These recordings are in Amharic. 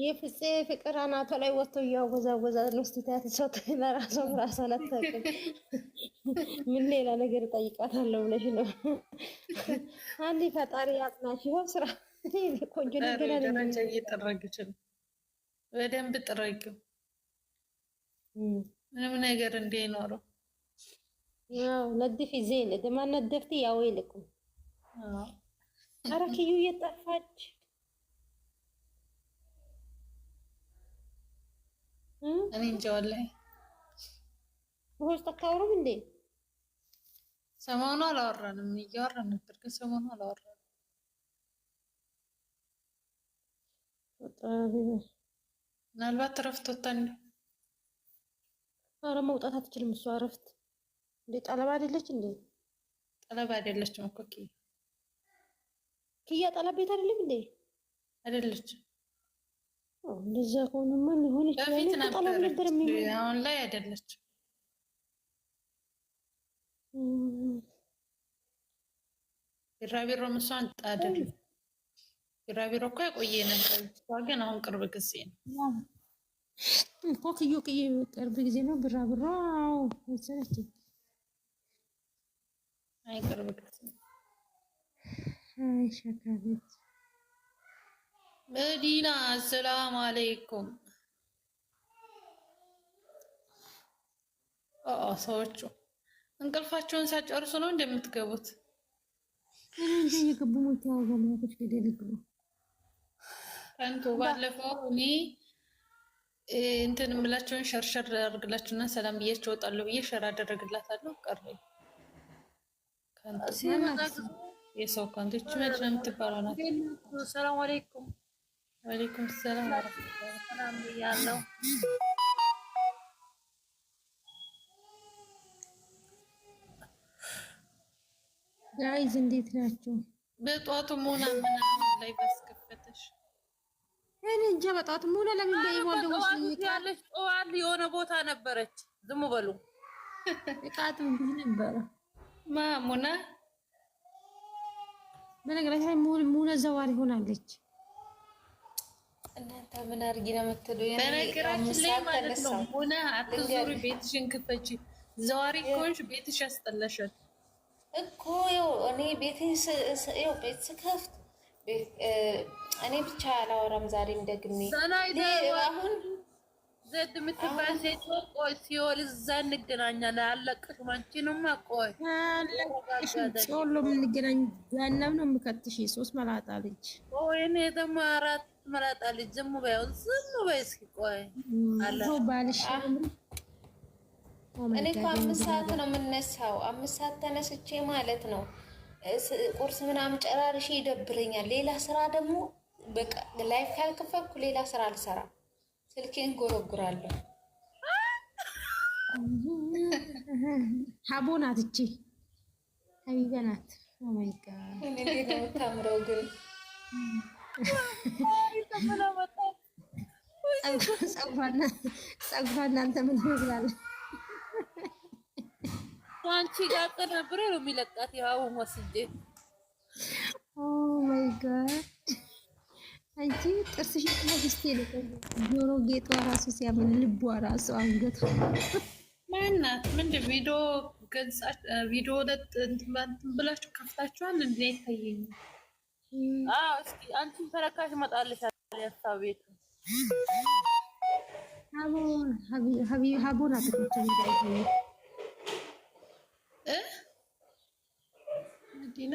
የፍፄ ፍቅር አናቷ ላይ ወጥቶ እያወዛወዛ ሎስቲታት ሰት ለራሷ ራሷ አታውቅም። ምን ሌላ ነገር እጠይቃታለሁ ብለሽ ነው? አንዲ ፈጣሪ ያጽናሽ። ይኸው ስራ ቆንጆ ነገረደረጃ እየጠረግች ነው። በደንብ ጥረግ፣ ምንም ነገር እንዳይኖረው። ያው ነድፊ ዜል ደማ ነደፍቲ ያወይልቁ አረክዩ እየጠፋች እኔ እንጃ ወላሂ። ውስጥ አታወሩም እንዴ? ሰሞኑ አላወራንም፣ እያወራን ነበር ግን ሰሞኑ አላወራንም። ምናልባት እረፍት ወታ እንደ ኧረ መውጣት አትችልም እሷ እረፍት እንዴ ጠለብ አይደለች እንዴ? ጠለብ አይደለችም እኮ ኪያ ጠለብ ቤት አይደለም እንዴ? አይደለችም እንደዛ ከሆነማ ሊሆን ይችላል። ነበር አሁን ላይ አይደለችም። ቢራቢሮ ምሷን ጣደል ቢራቢሮ እኮ የቆየ ነበር፣ ግን አሁን ቅርብ ጊዜ ነው እኮ ክዩ ክዩ ቅርብ ጊዜ ነው። ቢራቢሮ አዎ መሰለች። አይ ቅርብ ጊዜ አይ ሸካቤት መዲና አሰላም አለይኩም። ሰዎቹ እንቅልፋቸውን ሳጨርሱ ነው እንደምትገቡት። ከንቱ ባለፈው እኔ እንትን የምላቸውን ሸርሸር አድርግላችሁና ሰላም ብያቸው እወጣለሁ ብዬ ሸር አደረግላታለሁ። ቀረኝ የሰው ከንቱ ይች የምትባለው ናት። ሰላም አለይኩም ወአለይኩም ሰላም ሰላም ብያለሁ። ጋይዝ እንዴት ናችሁ? በጧቱ ሙላ ምናምን ላይ በስከፈተሽ እኔ እንጃ። ለምን ጠዋት የሆነ ቦታ ነበረች። ዝም በሉ በነገራችን ዘዋሪ ሆናለች። ምን አድርጊ ነው የምትለው? በነገራችን ላይ ማለት ነው ሆነ አትዙሪ፣ ቤትሽን ክፈቺ። ዘዋሪ ከሆንሽ ቤትሽ ያስጠላሻል እኮ ይኸው እኔ ቤቴን ይኸው ቤት ስከፍት እኔ ብቻ አላወራም ዛሬም ደግሜ አሁን ዘድ የምትባል ሴት ቆይ፣ ሲኦል እዛ እንገናኛለን። አለቅሽም፣ አንቺንማ ቆይ ሁሉም እንገናኝ። ገሃነም ነው የምከትሽ። ሶስት መላጣ ልጅ ቆይ፣ እኔ ደግሞ አራት መላጣ ልጅ። ዝም በይው፣ ዝም በይ እስኪ። ቆይ ባልሽ እኔ እኮ አምስት ሰዓት ነው የምነሳው። አምስት ሰዓት ተነስቼ ማለት ነው ቁርስ ምናምን ጨራርሼ ይደብረኛል። ሌላ ስራ ደግሞ በቃ ላይፍ ካልከፈትኩ ሌላ ስራ አልሰራም። ስልኬን ጎረጉራለሁ። ሀቦ ናት እቺ ሀቢባ ናት። ታምረው ግን ጸጉሯ እናንተ ምን ይመስላል? አንቺ ጋር ቀን ነው የሚለቃት የሀቡ መስጄ ኦ ማይ ጋድ አንቺ ጥርስሽ ማግስቴ ጆሮ ጌጧ ራሱ ሲያምን ልቧ ራሱ አንገት ማናት ምንድ ቪዲዮ ገጻ ቪዲዮ ለጥ ብላችሁ ከፍታችኋል እንዲ ይታየኝ። እስኪ አንቺን ተረካሽ መጣለች ያሳ ቤት ሀቦን አትክልት እንዳይታየ ዲና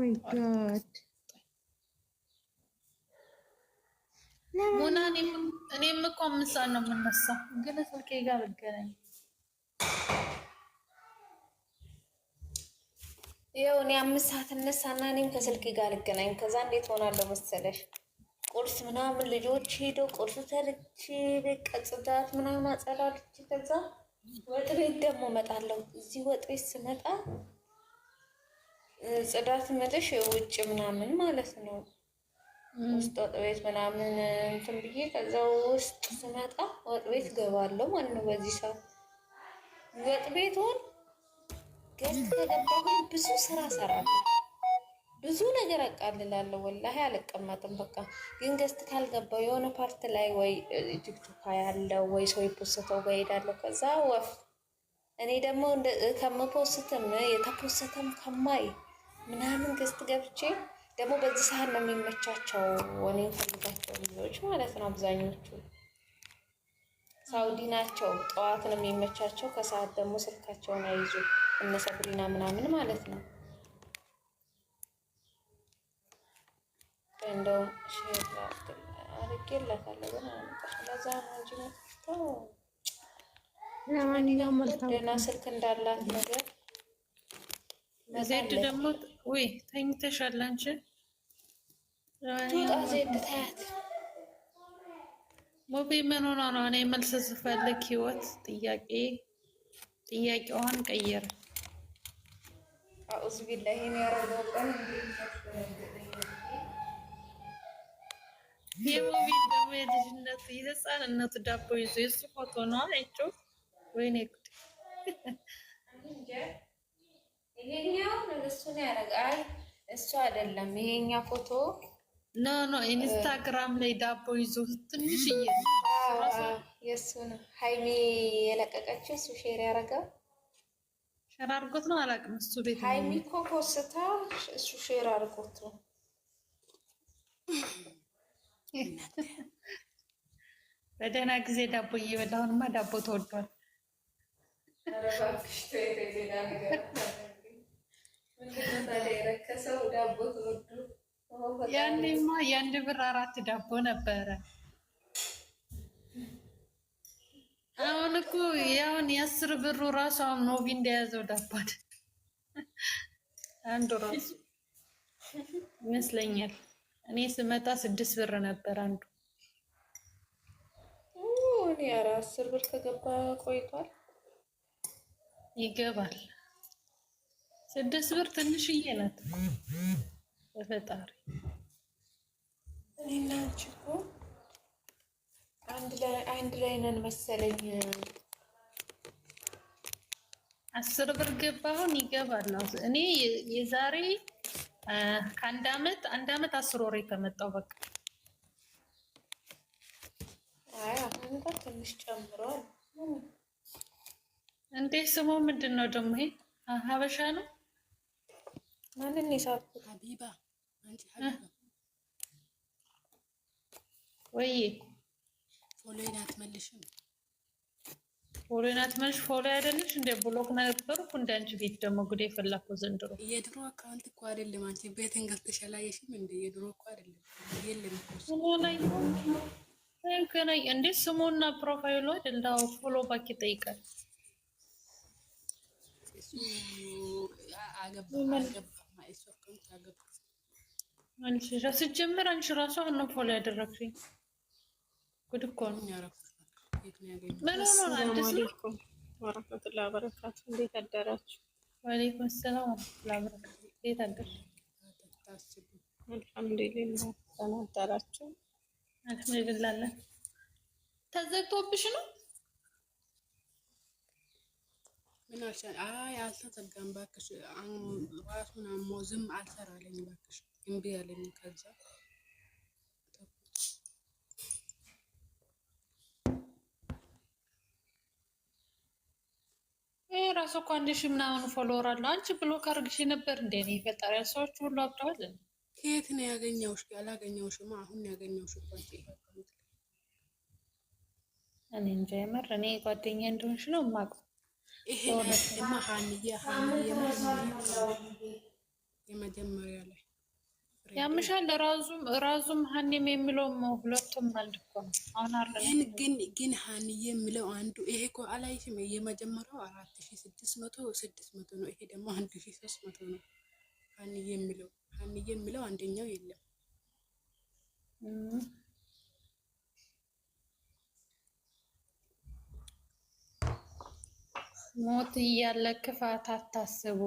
ማይ ጋድ ሞና እኔም እኮ አምስት ሰዓት ነው የምነሳው፣ ግን ስልኬ ጋር ብገናኝ ይኸው እኔ አምስት ሰዓት እነሳና እኔም ከስልኬ ጋር ልገናኝ። ከዛ እንዴት ሆናለሁ መሰለሽ ቁርስ ምናምን ልጆች ሄደው ቁርስ ተልቼ በቃ ጽዳት ምናምን አጸላልቼ ከዛ ወጥ ቤት ደግሞ እመጣለሁ። እዚህ ወጥ ቤት ስመጣ ጽዳት መለሽ ውጭ ምናምን ማለት ነው ውስጥ ወጥ ቤት ምናምን እንትን ብዬ ከዛ ውስጥ ስመጣ ወጥ ቤት ገባለሁ ማለት ነው። በዚህ ሰው ወጥ ቤቱን ገዝ ከገባሁኝ ብዙ ስራ ሰራለሁ፣ ብዙ ነገር አቃልላለሁ። ወላሂ አልቀመጥም። በቃ ግን ገዝት ካልገባው የሆነ ፓርት ላይ ወይ ቲክቶክ ያለው ወይ ሰው የፖስተው ጋር እሄዳለሁ። ከዛ ወፍ እኔ ደግሞ ከምፖስትም የተፖስተም ከማይ ምናምን ገዝት ገብቼ ደግሞ በዚህ ሰዓት ነው የሚመቻቸው። እኔ ፈልጋቸው ልጆች ማለት ነው አብዛኞቹ ሳውዲ ናቸው። ጠዋት ነው የሚመቻቸው፣ ከሰዓት ደግሞ ስልካቸውን አይዙ እነ ሰብሪና ምናምን ማለት ነው። እንደውም አድርጌላታለሁ ግን ለዛ ነው እንጂ ለማንኛውም ደህና ስልክ እንዳላት ነገር ዜድ ደግሞ ወይ ተኝተሻል አንቺ ቱጣ ምን ሆኖ ነው? እኔ መልስ ስፈልግ ህይወት ጥያቄ ጥያቄዋን ቀየር። አኡዝ ቢላሂ ያረገው ደግሞ የልጅነቱ የህፃንነቱ ዳቦ ይዞ የሱ ፎቶ ነው አይቼው፣ ወይኔ ጉድ ይሄኛው እሱ ነው እሱ አይደለም ይሄኛ ፎቶ ኖ ኖ ኢንስታግራም ላይ ዳቦ ይዞ ትንሽ የእሱ ነው። ሀይሚ የለቀቀችው እሱ ሼር ያደረገው ሼር አድርጎት ነው። አላውቅም እሱ ቤት ሀይሚ እኮ ፖስታ እሱ ሼር አድርጎት ነው። በደህና ጊዜ ዳቦ እየበላ አሁንማ ዳቦ ተወዷል። ረባክሽቶ የተዜና ነገር የረከሰው ዳቦ ተወዷል። ያኔማ የአንድ ብር አራት ዳቦ ነበረ። አሁን እኮ ያሁን የአስር ብሩ ራሱ አሁን ኖቢ እንደያዘው ዳቦት አንዱ ራሱ ይመስለኛል። እኔ ስመጣ ስድስት ብር ነበር አንዱ። ኧረ አስር ብር ከገባ ቆይቷል። ይገባል። ስድስት ብር ትንሽዬ ናት። በፈጣሪ እኔና አንቺ እኮ አንድ ላይ ነን መሰለኝ። አስር ብር ገባሁን ይገባል ነው። እኔ የዛሬ ከአንድ አመት አንድ አመት አስር ወር ከመጣው በቃ ትንሽ ጨምሯል። እንዴ ስሙ ምንድን ነው ደግሞ? ይሄ ሀበሻ ነው። ማንን የሳብኩት? ሀቢባ ወይ ፎሎዬን አትመልሽም? ፎሎዬን አትመልሽ። ፎሎ አይደለሽ እንደ ብሎክ ነበርኩ። እንደ አንቺ ቤት ደግሞ ጉዴ ፈላኮ ዘንድሮ። የድሮ አካውንት እኮ አይደለም። አንቺ ቤትን ገብተሽ አላየሽም? እንደ የድሮ እኮ አይደለም። የለም ስሙ ላይ ገና እንዴ ስሙና ፕሮፋይሉ አይደለም። ፎሎ ባክ ይጠይቃል። አገባ አገባ ማይሶር አገባ አንቺ ስትጀምር አንቺ ራሱ አሁን ፎሎ ያደረግሽኝ ጉድ እኮ ነው። ወረህመቱላሂ ወበረካቱ። እንዴት አደራችሁ? ወአለይኩም ሰላም ወረህመቱላሂ ወበረካቱ። እንዴት አልሐምዱሊላህ። ሰላም አደራችሁ? አልሐምዱሊላህ። ተዘግቶብሽ ነው? ምን አልሻል? አይ አልተዘጋም። እባክሽ ራሱን አሞ ዝም አልሰራለኝ እባክሽ እምቢ ያለኝ ከዛ ይሄ ራሱ እኮ አንድ ሺህ ምናምን ፎሎወር አለው። አንቺ ብሎክ አድርግሽ ነበር እንደ እኔ ፈጣሪ ሰዎች ሁሉ አብደዋል። ከየት ነው ያገኘሁሽ? ያላገኘሁሽማ አሁን ያገኘውሽ እኮ አንቺ። እኔ እንጃ የምር እኔ ጓደኛ እንደሆንሽ ነው የማውቀው። ይሄ ማ ሀንዬ ሀንዬ የመጀመሪያ ላይ ያምሻል ራዙም ራዙም ሀኒም የሚለው ሁለቱም አንድ እኮ ነው። አሁን አለን ግን ግን ሀኒ የሚለው አንዱ ይሄ እኮ አላይሽም። የመጀመሪያው አራት ሺ ስድስት መቶ ስድስት መቶ ነው። ይሄ ደግሞ አንድ ሺ ሶስት መቶ ነው። ሀኒ የሚለው ሀኒ የሚለው አንደኛው የለም። ሞት እያለ ክፋት አታስቡ።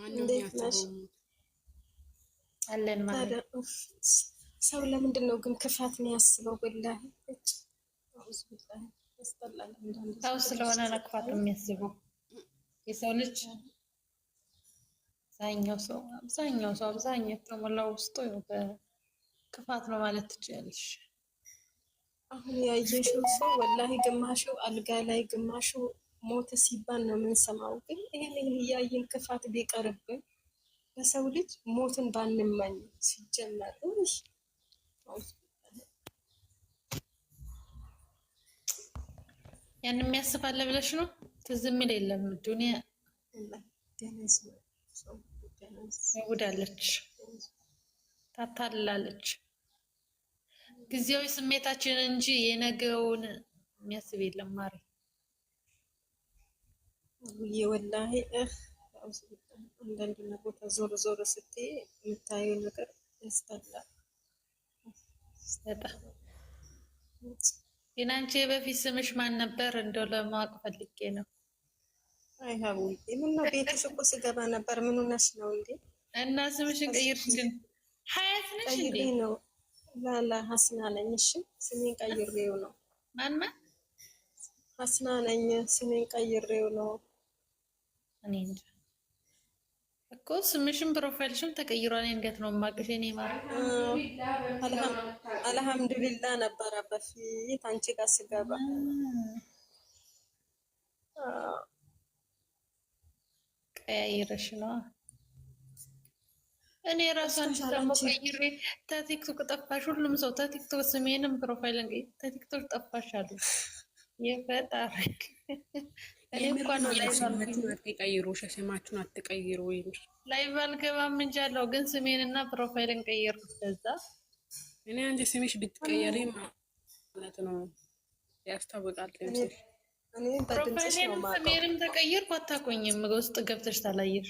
ማንም ያስቡ አለን ማለት ሰው ለምንድን ነው ግን ክፋት ነው ያስበው? ወላሂ ሰው ስለሆነ ነው ክፋት የሚያስበው። የሰው ልጅ አብዛኛው ሰው አብዛኛው ሰው አብዛኛው የተሞላው ውስጡ በክፋት ነው ማለት ትችያለሽ። አሁን ያየሽው ሰው ወላሂ ግማሹ አልጋ ላይ ግማሹ ሞተ ሲባል ነው የምንሰማው። ግን ይህን ይህን እያየን ክፋት ቢቀርብን ለሰው ልጅ ሞትን ባንመኝ ሲጀመር ያን የሚያስባለ ብለሽ ነው። ትዝ የሚል የለም ዱኒያ ውዳለች፣ ታታላለች። ጊዜያዊ ስሜታችን እንጂ የነገውን የሚያስብ የለም። ማሪ ወላሂ አንዳንዱን ቦታ ዞሮ ዞሮ ስትይ የምታየው ነገር ያስጠላል። ግን አንቺ በፊት ስምሽ ማን ነበር? እንደው ለማወቅ ፈልጌ ነው። አይ ሀቡ ምነው ቤትሽ እኮ ስገባ ነበር። ምን ሆነሽ ነው እንዴ? እና ስምሽን ቀይርሽ? ግን ሀያት ነሽ እንዴ? ነው ላላ ሀስና ነኝ። እሺ ስሜን ቀይሬው ነው። ማን ማን? ሀስና ነኝ። ስሜን ቀይሬው ነው እኔ እንጃ እኮ ስምሽም ፕሮፋይልሽም ተቀይሯል። እንዴት ነው የማቅሽ? እኔ ማለት አልሐምዱሊላ ነበረ በፊት አንቺ ጋር ስገባ ቀያይረሽ ነው። እኔ ራሷን አንቺ ደግሞ ቀይሬ ተቲክቶክ ጠፋሽ። ሁሉም ሰው ተቲክቶክ ስሜንም ፕሮፋይልን ተቲክቶክ ጠፋሽ አሉ የፈጣሪ ቀይሩ፣ ስማችሁን አትቀይሩ። ወይም ላይቭ አልገባም እንጂ አለው ግን ስሜን እና ፕሮፋይልን ቀየርኩት። ከዛ እኔ አንቺ ስሜሽ ብትቀየሪ ማለት ነው ያስታውቃል። ፕሮፋይልን ስሜንም ተቀየርኩ። አታቆኝም ውስጥ ገብተሽ ታላየሽ